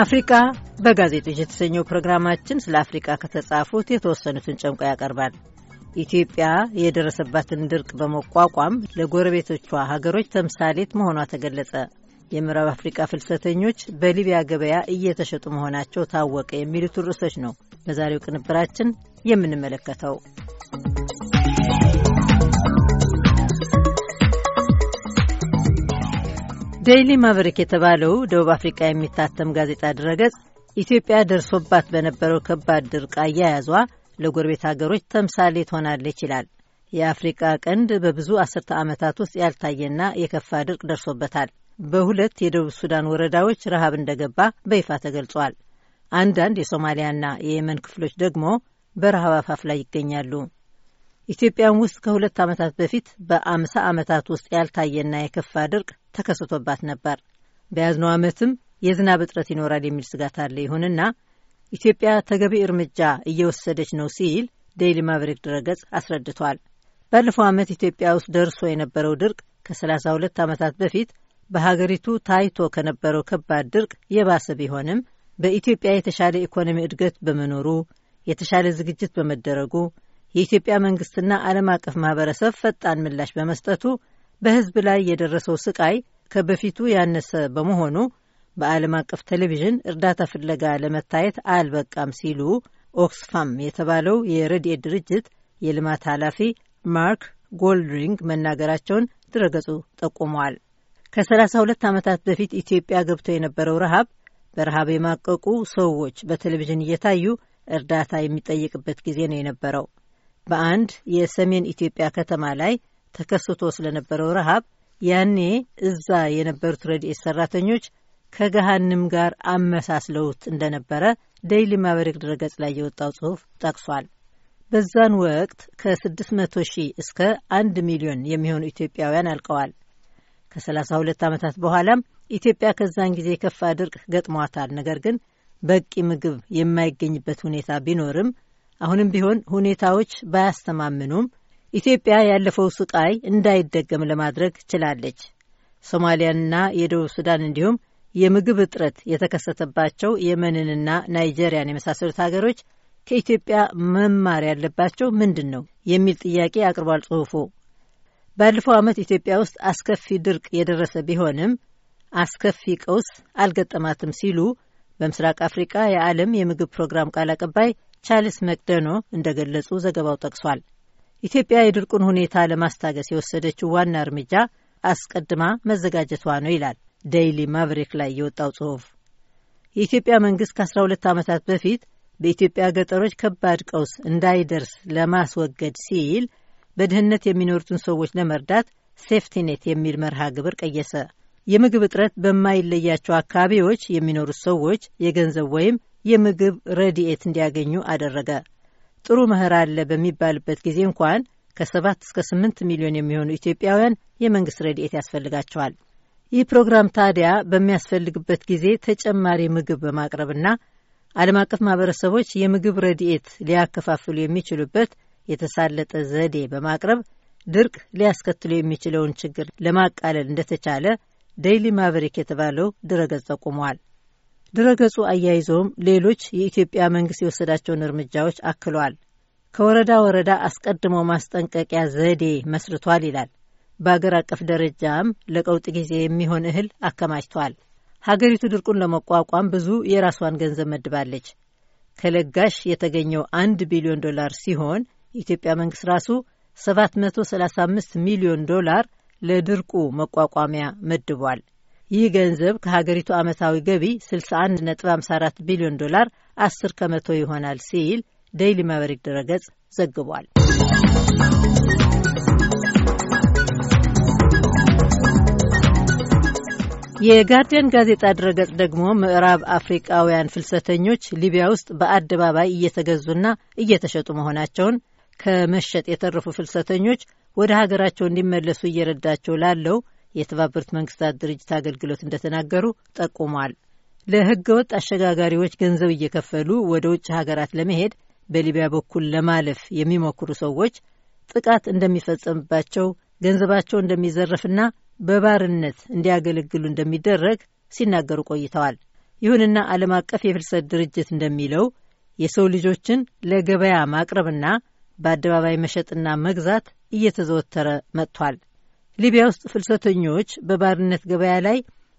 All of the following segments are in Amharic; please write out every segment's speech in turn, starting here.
አፍሪካ በጋዜጦች የተሰኘው ፕሮግራማችን ስለ አፍሪካ ከተጻፉት የተወሰኑትን ጨምቆ ያቀርባል። ኢትዮጵያ የደረሰባትን ድርቅ በመቋቋም ለጎረቤቶቿ ሀገሮች ተምሳሌት መሆኗ ተገለጸ፣ የምዕራብ አፍሪካ ፍልሰተኞች በሊቢያ ገበያ እየተሸጡ መሆናቸው ታወቀ፣ የሚሉት ርዕሶች ነው በዛሬው ቅንብራችን የምንመለከተው። ዴይሊ ማቨሪክ የተባለው ደቡብ አፍሪካ የሚታተም ጋዜጣ ድረገጽ ኢትዮጵያ ደርሶባት በነበረው ከባድ ድርቅ አያያዟ ለጎረቤት ሀገሮች ተምሳሌ ትሆናለች ይላል። የአፍሪቃ ቀንድ በብዙ አስርተ ዓመታት ውስጥ ያልታየና የከፋ ድርቅ ደርሶበታል። በሁለት የደቡብ ሱዳን ወረዳዎች ረሃብ እንደገባ በይፋ ተገልጿል። አንዳንድ የሶማሊያና የየመን ክፍሎች ደግሞ በረሃብ አፋፍ ላይ ይገኛሉ። ኢትዮጵያም ውስጥ ከሁለት ዓመታት በፊት በአምሳ ዓመታት ውስጥ ያልታየና የከፋ ድርቅ ተከስቶባት ነበር። በያዝነው ዓመትም የዝናብ እጥረት ይኖራል የሚል ስጋት አለ። ይሁንና ኢትዮጵያ ተገቢ እርምጃ እየወሰደች ነው ሲል ዴይሊ ማቨሪክ ድረገጽ አስረድቷል። ባለፈው ዓመት ኢትዮጵያ ውስጥ ደርሶ የነበረው ድርቅ ከ32 ዓመታት በፊት በሀገሪቱ ታይቶ ከነበረው ከባድ ድርቅ የባሰ ቢሆንም በኢትዮጵያ የተሻለ ኢኮኖሚ እድገት በመኖሩ የተሻለ ዝግጅት በመደረጉ የኢትዮጵያ መንግስትና ዓለም አቀፍ ማህበረሰብ ፈጣን ምላሽ በመስጠቱ በህዝብ ላይ የደረሰው ስቃይ ከበፊቱ ያነሰ በመሆኑ በዓለም አቀፍ ቴሌቪዥን እርዳታ ፍለጋ ለመታየት አልበቃም ሲሉ ኦክስፋም የተባለው የረድኤት ድርጅት የልማት ኃላፊ ማርክ ጎልድሪንግ መናገራቸውን ድረገጹ ጠቁመዋል። ከ32 ዓመታት በፊት ኢትዮጵያ ገብቶ የነበረው ረሃብ በረሃብ የማቀቁ ሰዎች በቴሌቪዥን እየታዩ እርዳታ የሚጠይቅበት ጊዜ ነው የነበረው። በአንድ የሰሜን ኢትዮጵያ ከተማ ላይ ተከስቶ ስለነበረው ረሃብ ያኔ እዛ የነበሩት ረድኤት ሰራተኞች ከገሃንም ጋር አመሳስለውት እንደነበረ ደይሊ ማበሪክ ድረገጽ ላይ የወጣው ጽሑፍ ጠቅሷል። በዛን ወቅት ከ600 ሺህ እስከ 1 ሚሊዮን የሚሆኑ ኢትዮጵያውያን አልቀዋል። ከ32 ዓመታት በኋላም ኢትዮጵያ ከዛን ጊዜ የከፋ ድርቅ ገጥሟታል። ነገር ግን በቂ ምግብ የማይገኝበት ሁኔታ ቢኖርም አሁንም ቢሆን ሁኔታዎች ባያስተማምኑም ኢትዮጵያ ያለፈው ስቃይ እንዳይደገም ለማድረግ ችላለች። ሶማሊያንና የደቡብ ሱዳን እንዲሁም የምግብ እጥረት የተከሰተባቸው የመንንና ናይጄሪያን የመሳሰሉት ሀገሮች ከኢትዮጵያ መማር ያለባቸው ምንድን ነው የሚል ጥያቄ አቅርቧል ጽሑፉ። ባለፈው ዓመት ኢትዮጵያ ውስጥ አስከፊ ድርቅ የደረሰ ቢሆንም አስከፊ ቀውስ አልገጠማትም ሲሉ በምስራቅ አፍሪቃ የዓለም የምግብ ፕሮግራም ቃል አቀባይ ቻርልስ መቅደኖ እንደገለጹ ዘገባው ጠቅሷል። ኢትዮጵያ የድርቁን ሁኔታ ለማስታገስ የወሰደችው ዋና እርምጃ አስቀድማ መዘጋጀቷ ነው ይላል ዴይሊ ማቨሪክ ላይ የወጣው ጽሑፍ። የኢትዮጵያ መንግሥት ከ12 ዓመታት በፊት በኢትዮጵያ ገጠሮች ከባድ ቀውስ እንዳይደርስ ለማስወገድ ሲል በድህነት የሚኖሩትን ሰዎች ለመርዳት ሴፍቲኔት የሚል መርሃ ግብር ቀየሰ። የምግብ እጥረት በማይለያቸው አካባቢዎች የሚኖሩት ሰዎች የገንዘብ ወይም የምግብ ረድኤት እንዲያገኙ አደረገ። ጥሩ መኸር አለ በሚባልበት ጊዜ እንኳን ከ7 እስከ 8 ሚሊዮን የሚሆኑ ኢትዮጵያውያን የመንግሥት ረድኤት ያስፈልጋቸዋል። ይህ ፕሮግራም ታዲያ በሚያስፈልግበት ጊዜ ተጨማሪ ምግብ በማቅረብና ዓለም አቀፍ ማህበረሰቦች የምግብ ረድኤት ሊያከፋፍሉ የሚችሉበት የተሳለጠ ዘዴ በማቅረብ ድርቅ ሊያስከትሉ የሚችለውን ችግር ለማቃለል እንደተቻለ ዴይሊ ማቨሪክ የተባለው ድረገጽ ጠቁሟል። ድረገጹ አያይዘውም ሌሎች የኢትዮጵያ መንግስት የወሰዳቸውን እርምጃዎች አክሏል። ከወረዳ ወረዳ አስቀድሞ ማስጠንቀቂያ ዘዴ መስርቷል ይላል። በአገር አቀፍ ደረጃም ለቀውጥ ጊዜ የሚሆን እህል አከማችቷል። ሀገሪቱ ድርቁን ለመቋቋም ብዙ የራሷን ገንዘብ መድባለች። ከለጋሽ የተገኘው አንድ ቢሊዮን ዶላር ሲሆን የኢትዮጵያ መንግስት ራሱ 735 ሚሊዮን ዶላር ለድርቁ መቋቋሚያ መድቧል። ይህ ገንዘብ ከሀገሪቱ ዓመታዊ ገቢ 61.54 ቢሊዮን ዶላር 10 ከመቶ ይሆናል ሲል ዴይሊ ማቨሪክ ድረገጽ ዘግቧል። የጋርዲያን ጋዜጣ ድረገጽ ደግሞ ምዕራብ አፍሪቃውያን ፍልሰተኞች ሊቢያ ውስጥ በአደባባይ እየተገዙና እየተሸጡ መሆናቸውን ከመሸጥ የተረፉ ፍልሰተኞች ወደ ሀገራቸው እንዲመለሱ እየረዳቸው ላለው የተባበሩት መንግስታት ድርጅት አገልግሎት እንደተናገሩ ጠቁሟል። ለህገ ወጥ አሸጋጋሪዎች ገንዘብ እየከፈሉ ወደ ውጭ ሀገራት ለመሄድ በሊቢያ በኩል ለማለፍ የሚሞክሩ ሰዎች ጥቃት እንደሚፈጸምባቸው፣ ገንዘባቸው እንደሚዘረፍና በባርነት እንዲያገለግሉ እንደሚደረግ ሲናገሩ ቆይተዋል። ይሁንና ዓለም አቀፍ የፍልሰት ድርጅት እንደሚለው የሰው ልጆችን ለገበያ ማቅረብና በአደባባይ መሸጥና መግዛት እየተዘወተረ መጥቷል። ሊቢያ ውስጥ ፍልሰተኞች በባርነት ገበያ ላይ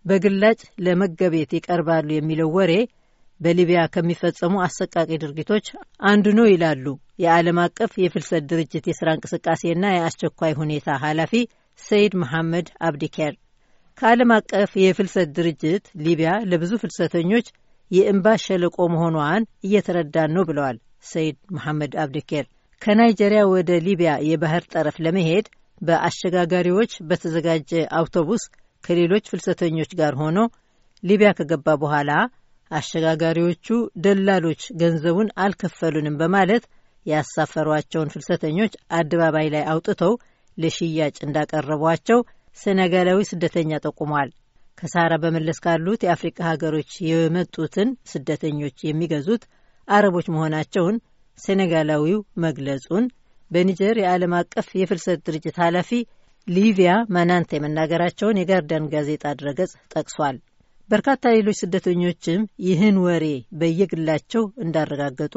በግላጭ ለመገቤት ይቀርባሉ የሚለው ወሬ በሊቢያ ከሚፈጸሙ አሰቃቂ ድርጊቶች አንዱ ነው ይላሉ የዓለም አቀፍ የፍልሰት ድርጅት የሥራ እንቅስቃሴና የአስቸኳይ ሁኔታ ኃላፊ ሰይድ መሐመድ አብዲኬር። ከዓለም አቀፍ የፍልሰት ድርጅት ሊቢያ ለብዙ ፍልሰተኞች የእንባ ሸለቆ መሆኗን እየተረዳን ነው ብለዋል ሰይድ መሐመድ አብዲኬር። ከናይጀሪያ ወደ ሊቢያ የባህር ጠረፍ ለመሄድ በአሸጋጋሪዎች በተዘጋጀ አውቶቡስ ከሌሎች ፍልሰተኞች ጋር ሆኖ ሊቢያ ከገባ በኋላ አሸጋጋሪዎቹ ደላሎች ገንዘቡን አልከፈሉንም በማለት ያሳፈሯቸውን ፍልሰተኞች አደባባይ ላይ አውጥተው ለሽያጭ እንዳቀረቧቸው ሴኔጋላዊ ስደተኛ ጠቁሟል። ከሳራ በመለስ ካሉት የአፍሪቃ ሀገሮች የመጡትን ስደተኞች የሚገዙት አረቦች መሆናቸውን ሴኔጋላዊው መግለጹን በኒጀር የዓለም አቀፍ የፍልሰት ድርጅት ኃላፊ ሊቪያ ማናንቴ መናገራቸውን የጋርዲያን ጋዜጣ ድረገጽ ጠቅሷል። በርካታ ሌሎች ስደተኞችም ይህን ወሬ በየግላቸው እንዳረጋገጡ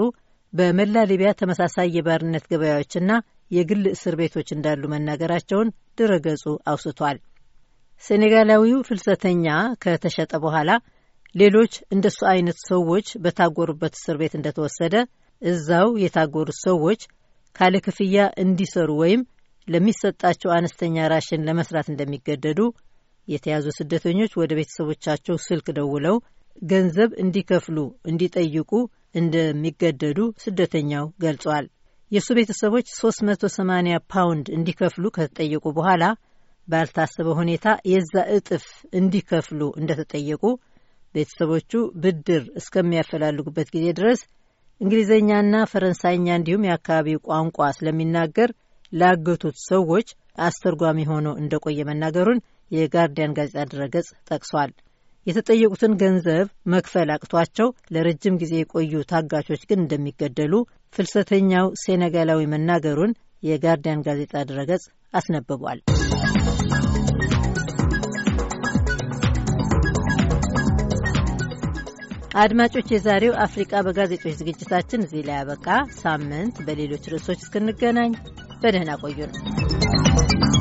በመላ ሊቢያ ተመሳሳይ የባርነት ገበያዎችና የግል እስር ቤቶች እንዳሉ መናገራቸውን ድረገጹ አውስቷል። ሴኔጋላዊው ፍልሰተኛ ከተሸጠ በኋላ ሌሎች እንደሱ አይነት ሰዎች በታጎሩበት እስር ቤት እንደተወሰደ እዛው የታጎሩት ሰዎች ካለ ክፍያ እንዲሰሩ ወይም ለሚሰጣቸው አነስተኛ ራሽን ለመስራት እንደሚገደዱ፣ የተያዙ ስደተኞች ወደ ቤተሰቦቻቸው ስልክ ደውለው ገንዘብ እንዲከፍሉ እንዲጠይቁ እንደሚገደዱ ስደተኛው ገልጿል። የእሱ ቤተሰቦች 380 ፓውንድ እንዲከፍሉ ከተጠየቁ በኋላ ባልታሰበ ሁኔታ የዛ እጥፍ እንዲከፍሉ እንደተጠየቁ ቤተሰቦቹ ብድር እስከሚያፈላልጉበት ጊዜ ድረስ እንግሊዝኛና ፈረንሳይኛ እንዲሁም የአካባቢው ቋንቋ ስለሚናገር ላገቱት ሰዎች አስተርጓሚ ሆኖ እንደቆየ መናገሩን የጋርዲያን ጋዜጣ ድረገጽ ጠቅሷል። የተጠየቁትን ገንዘብ መክፈል አቅቷቸው ለረጅም ጊዜ የቆዩ ታጋቾች ግን እንደሚገደሉ ፍልሰተኛው ሴኔጋላዊ መናገሩን የጋርዲያን ጋዜጣ ድረገጽ አስነብቧል። አድማጮች፣ የዛሬው አፍሪቃ በጋዜጦች ዝግጅታችን እዚህ ላይ ያበቃ። ሳምንት በሌሎች ርዕሶች እስክንገናኝ በደህና ቆዩ ነው